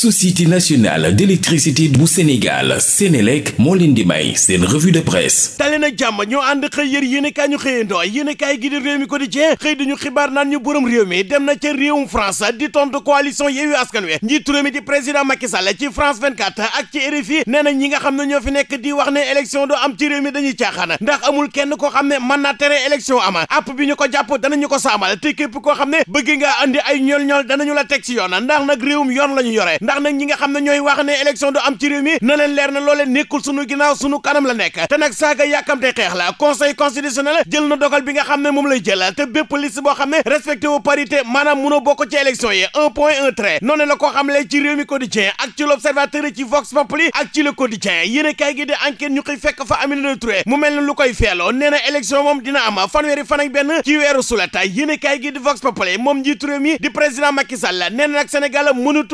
société nationale d'électricité bu Sénégal Sénélec moo leen di may seen revue de presse tali na jàmm ñoo ànd xëy yër yéenekaay ñu xëyandoo yéenekaay gi di réew mi quotidien xëy dañu xibaar naan ñu borom réew mi dem na ca réewum France di tontu coalition Yewwi Askan Wi njiitu réew mi di président Macky Sall ci France 24 ak ci RFI nee na ñi nga xam ne ñoo fi nekk di wax ne élection am ci réew mi dañuy caaxaan ndax amul kenn koo xam ne mën naa tere élection ama app bi ñu ko jàpp danañu ko saamal te képp koo xam ne bëgg nga andi ay ñol ñol danañu la teg ci yoon ndax nag réewum yoon lañu yore ndax nag ñi nga xam ne ñooy wax ne élection du am ci réew mi na leen leer na loolee nekkul sunu ginnaaw sunu kanam la nekk te nag saaga yàkkamte xeex la conseil constitutionnel jël na dogal bi nga xam ne moom lay jël te bépp liste boo xam ne respecté wu parité maanaam munoo bokk ci élection yi un point un trait noonu la ko xamle ci réew mi quotidien ak ci l'observateur ci vox populi ak ci le quotidien yéen kay di enquête ñu koy fekk fa mu mel ne lu koy feeloo nee na moom dina am benn ci weeru sulata yéen kay gi di vox populi moom njiitu réew mi di président Macky Sall nee na nag Sénégal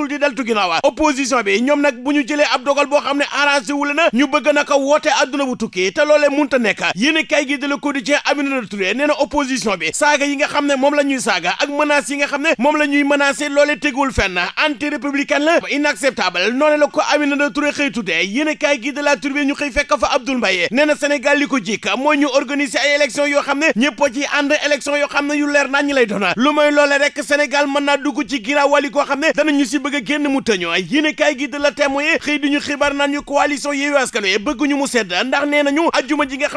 di deltu ginnaaw waaw opposition bi ñoom nag bu ñu jëlee ab dogal boo xam ne arrangé wu la na ñu bëgg naka woote adduna bu tukki te loolee munta nekk yéen kay gi de Le Quotidien Aminata Touré ne na opposition bi saaga yi nga xam ne moom la ñuy saaga ak menaces yi nga xam ne moom la ñuy menacé loolee tegul fenn anti républicain la inacceptable noonu la ko Aminata Touré xëy tuddee yéen kay gi de La Tribune ñu xëy fekk fa Abdoul Mbaye nee na Sénégal li ko jik mooy ñu organiser ay élections yoo xam ne ñëppoo ci ànd élections yoo xam ne yu leer nañ ñi lay doona lu may loolee rek mën naa dugg ci girawali koo xam ne danañu si bëgg a génn lañu yéen kaay gi de la témoin xëy di ñu xibaar naan ñu coalition Yewwi Askan Wi bëgguñu mu sedd ndax nee nañu ajjuma ji nga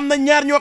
xam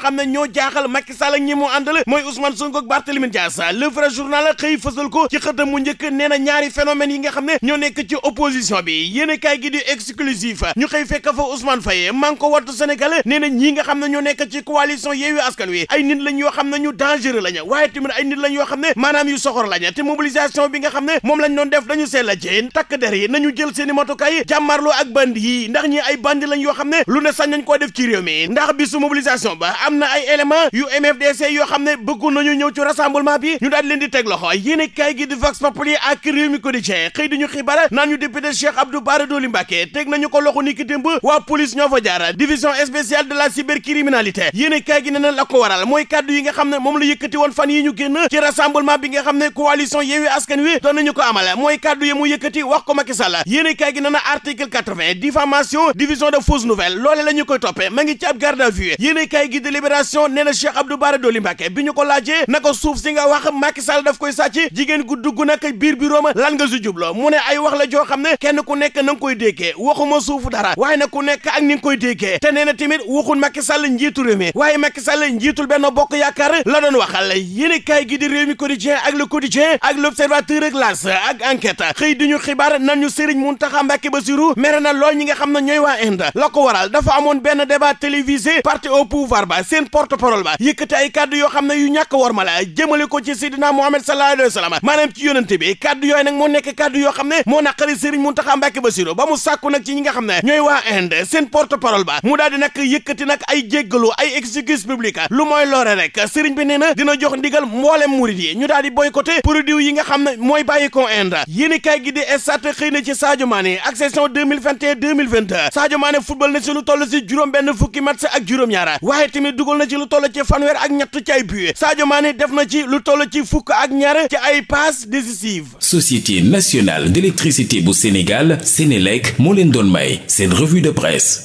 ne ñoo jaaxal Macky Sall ñi mu àndal mooy Ousmane Sonko ak Barthélémy Dias le vrai xëy fësal ko ci xëtam njëkk nee ñaari phénomène yi nga xam ne ñoo nekk ci opposition bi yéen kaay gi di exclusif ñu xëy fekk fa Ousmane man ko wattu Sénégal nee ñi nga xam ne ñoo nekk ci coalition Yewwi Askan Wi ay nit lañu yoo xam ne ñu dangereux lañu waaye tamit ay nit lañ yoo xam ne maanaam yu soxor lañu te mobilisation bi nga xam ne moom lañ doon def dañu seel a jéen takk der yi nañu jël seeni matukaay jàmmarloo ak bandi ndax ñi ay bandi lañ yoo xam ne lu ne sañ nañ koo def ci ndax bisu mobilisation ba am na ay élément yu MFDC yoo xam ne bëggu nañu ñëw ci rassemblement bi ñu daal leen di teg loxo yéen kaay gi di Vox Populi ak réew mi ko loxo ni ki démb waa kàddu yi nga xam ne moom la yëkkati woon fan yi ñu génn ci rassemblement bi nga xam ne Wi doon nañu ko amale mooy kàddu yi mu wax ko Macky Sall yéene kaay gi nee na article 80 diffamation division de fausse nouvelle loole la ñu koy toppee ma ngi ci ab garde à vue gi délibération nee na Cheikh Abdou Bara Dolly Mbacké bi ñu ko laajee na ko suuf si wax Macky daf koy sàcc jigéen gu dugg nag biir bi lan nga si jublo mu ay wax la joo ne kenn ku nekk na koy déggee waxuma suufu dara waaye nag ku nekk ak ni nga koy déggee te yaakaar la doon waxal yéene kaay gi di réew mi quotidien ak le quotidien ak l' observateur ak las ak xëy di ñu xibaar na ñu Serigne Mountakha Mbacké Bassirou mere na lool ñi nga xam ne ñooy waa Inde la ko waral dafa amoon benn débat télévisé parti au pouvoir ba seen porte parole ba yëkkati ay kàddu yoo xam ne yu ñàkk war ma la jëmale ko ci Seydina Mohamed sallallahu alayhi wa sallam maanaam ci yonente bi kàddu yooyu nag moo nekk kàddu yoo xam ne moo naqari Serigne Mountakha Mbacké Bassirou ba mu sàkku nag ci ñi nga xam ne ñooy waa Inde seen porte parole ba mu daal di nag yëkkati nag ay jéggalu ay exécution publique lu mooy loore rek sëriñ bi nee na dina jox ndigal mboolem murid yi ñu daal di boycotté produit yi nga xam ne mooy bàyyi ko Inde yéen kay gi di estat xëy na ci Sadio Mané ak saison 2021 2022 Sadio Mané football na ci lu toll ci juróom benn fukki match ak juróom-ñaara waaye tamit dugal na ci lu toll ci fanweer ak ñett ci ay but Sadio Mané def na ci lu toll ci fukk ak ñaar ci ay passes décisives Société nationale d'électricité bu Sénégal Sénélec moo leen doon may seen revue de presse